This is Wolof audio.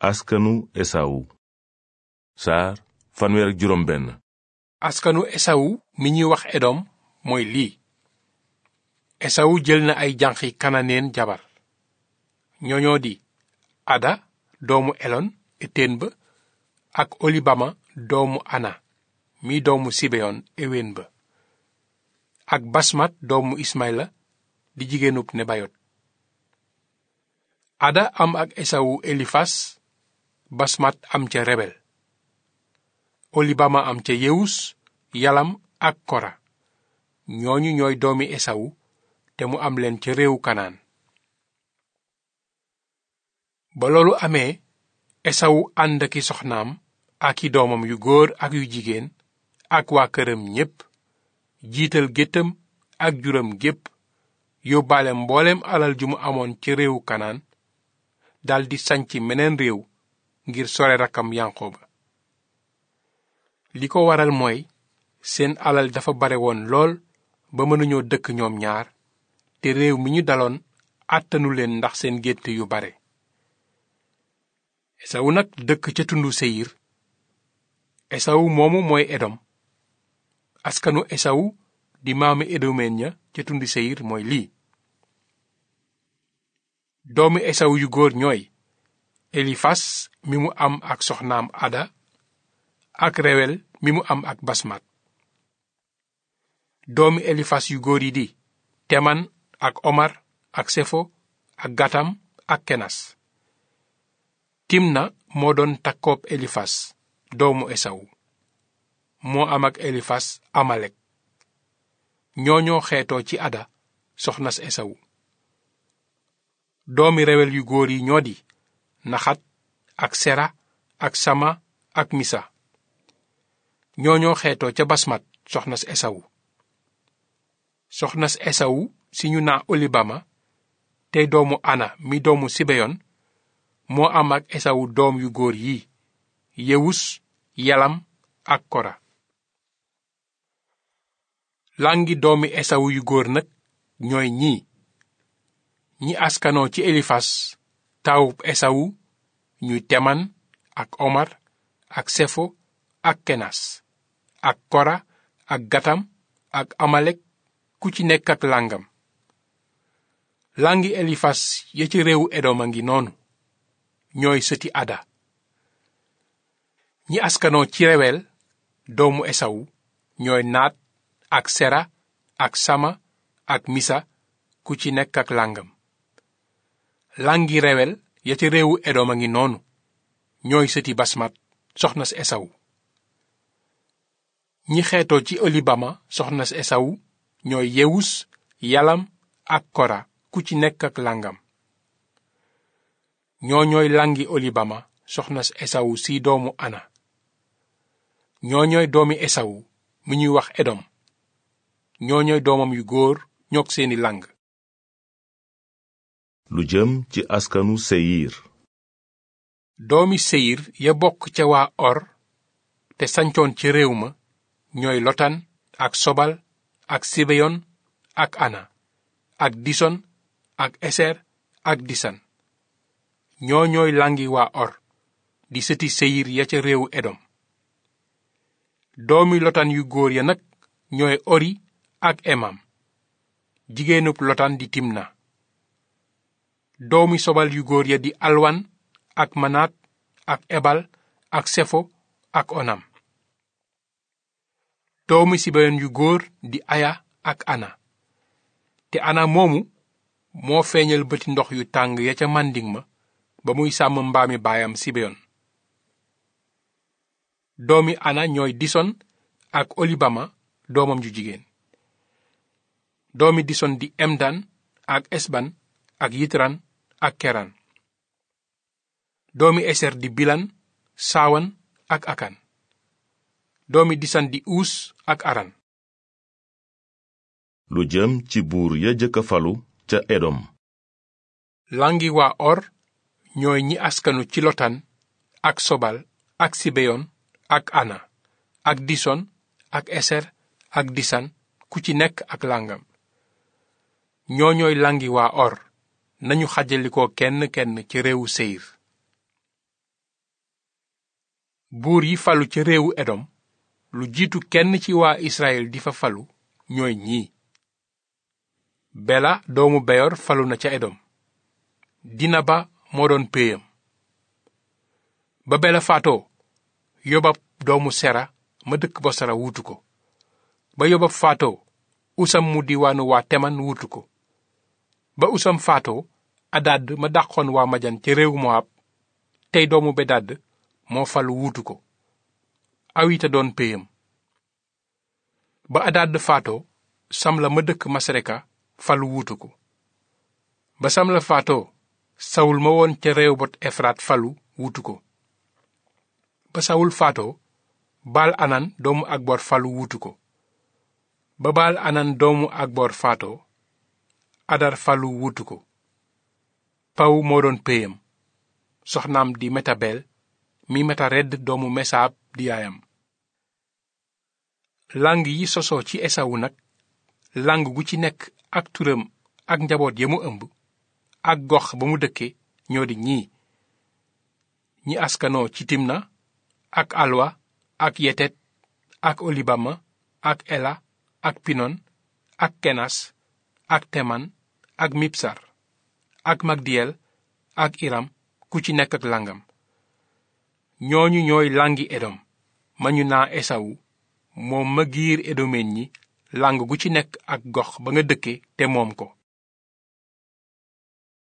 askanu esawu saar fanweer ak mi ñuy wax edom mooy lii esawu jël na ay janqi kananeen jabar ñooñoo di ada doomu elon eteen ba ak olibama doomu ana mi doomu sibeyon ewen ba ak basmat doomu ismayla di jigéenub nebayot ada am ak esawu elifas basmat am ca rebel olibama am ca yewus yalam ak kora ñooñu ñooy doomi esawu te mu am leen ca réewu kanaan ba loolu amee esawu ànd ki soxnaam ak i doomam yu góor ak yu jigéen ak waa këram ñépp jiital géttam ak juram gépp yóbbaale mbooleem alal ju mu amoon ca réewu kanaan daldi sanc meneen réew ngir sore rakkam yanqooba li ko waral mooy seen alal dafa bare woon lool ba mënuñoo dëkk ñoom ñaar te réew mi ñu daloon àttanu leen ndax seen gétt yu bare esawu nag dëkk ca tundu seyir esawu moomu mooy edom askanu esawu di maami edomeen ya ca tundu seyir mooy lii doomi esawu yu góor ñooy elifas mi mu am ak soxnaam ada ak rewel mi mu am ak basmat doomi elifas yu góor yi di teman ak omar ak sefo ak gatam ak kenas na moo doon takkoob elifas doomu esaw moo am ak elifas amalek ñooñoo xeetoo ci ada soxnas esaw doomi rewel yu góor yi ñoo di naxat ak sera ak sama ak misa ñooñoo xeetoo ca basmat soxnas esawu soxnas esawu si ñu naa olibama tey doomu ana mi doomu sibeyon moo am ak esawu doom yu góor yi yewus yalam ak kora langi doomi yu góor nag ñooy ñii ñi askanoo ci elifas taawub esawu ñuy teman ak omar ak sefo ak kenas ak kora ak gatam ak amalek ku ci nekk ak làngam làngi elifas ya ci réewu edom a ngi noonu ñooy sëti ada ñi askanoo ci rewel doomu esawu ñooy naat ak sera ak sama ak misa ku ci nekk ak làngam làngi rewel ya ca réewu edom a ngi noonu ñooy sëti basmat soxna si esaw ñi xeetoo ci olibama soxna si esaw ñooy yewus yalam ak kora ku ci nekk ak làngam ñoo ñooy làngi olibama soxna si esaw si doomu ana ñoo ñooy doomi esaw mu ñuy wax edom ñoo ñooy doomam yu góor ñoog seeni làng lu jëm ci askanu seyir doomi seyir ya bokk ca waa or te sancoon ca réew ma ñooy lotan ak sobal ak sibeyon ak ana ak dison ak eser ak disan ñoo ñooy langi waa or di sëti seyir ya ca réewu edom doomi lotan yu góor ya nag ñooy ori ak emam jigéenub lotan di timna doomi sobal yu góor ya di alwan ak manaat ak ebal ak sefo ak onam doomi sibeyon yu góor di aya ak ana te ana moomu moo feeñal bëti ndox yu tàng ya ca màndiŋ ma ba muy sàmm mbaami baayam sibeyon doomi ana ñooy dison ak olibama doomam ju jigéen doomi dison di emdan ak esban ak yitran ak keran doomi eser di bilan saawan ak akan doomi disan di uus ak aran lu jëm ci buur ya jëkka falu ca edom langi waa or ñooy ñi askanu ci lotan ak sobal ak sibeyon ak ana ak dison ak eser ak disan ku ci nekk ak langam ñoo ñooy langi waa or nañu xajalikoo kenn kenn ci réewu seyir buur yi falu ca réewu edom lu jiitu kenn ci waa israel di fa falu ñooy ñii bela doomu beyor falu na ca edom dina ba moo doon péyam ba bela faatoo yobab doomu sera ma dëkk ba sera wuutu ko ba yobab faatoo usam mu diwaanu waa teman wuutu ko ba usam faatoo adaad ma dàqoon waa majan ci réewu moab tey doomu bedaad moo fal wuutu ko awita doon péyam ba adaad faatoo samla ma dëkk masreka fal wuutu ko ba samla faatoo sawul ma woon ca réew bot efraat falu wuutu ko ba sawul faatoo baal anan doomu akbor falu wuutu ko ba baal anan doomu akbor faatoo adar ko paw moo doon péyam soxnaam di mi meta redd doomu mesaab di lang yi sosoo ci esawu nag lang gu ci nekk ak turam ak njaboot ya mu ëmb ak gox ba mu dëkke ñoo di ñii ñi askanoo ci timna ak alwa ak yetet ak olibama ak ela ak pinon ak kenas ak teman ak mipsar ak magdiyel ak iram ku ci nekk ak langam ñooñu ñooy langi edom ma ñu naa esawu moom ma giir edomen ñi lang gu ci nekk ak gox ba nga dëkke te moom ko